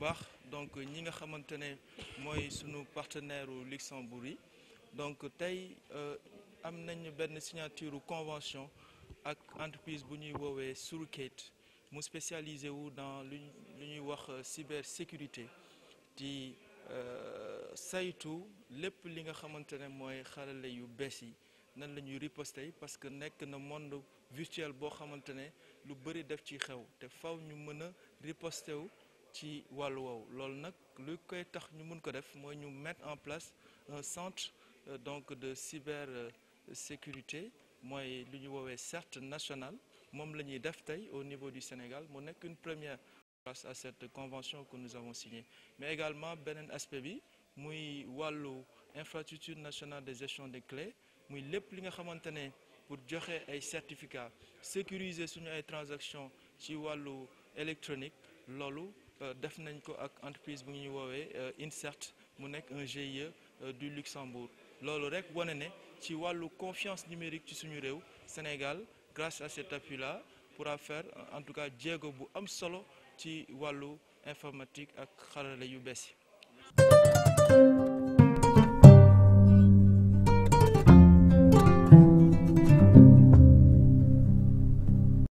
baax donc ñi nga xamante ne mooy sunu partenaire u Luxembourg donc tey euh, am nañu benn signature convention ak entreprise bu ñuy woowee Suricate mu spécialisé wu dans lu ñuy wax euh, cybersécurité di euh, saytu lépp li nga xamante ne mooy xarale yu bees yi nan la ñuy riposter parce que nekk na monde virtuel boo xamante ne lu bëri def ci xew te faw ñu mën a wu ci wàllu le lu koy mettre en place un centre euh, donc de cybersécurité euh, l'Union lu ñu woowee CERT national moom au niveau du Sénégal mon nekk une première grâce à cette convention que nous avons signée mais également Benin, aspect bi muy infrastructure nationale des gestion des clés muy lépp li nga pour joxe ay certificats sécuriser sur ay transactions ci wàllu électronique lolu euh, def nañ ko ak entreprise bu ñuy euh, INSERT mu ngie un GIE euh, du Luxembourg lolu rek woné né ci confiance numérique ci Sénégal grâce à cet appui là pourra faire en tout cas Diego bu am solo ci walu informatique ak yu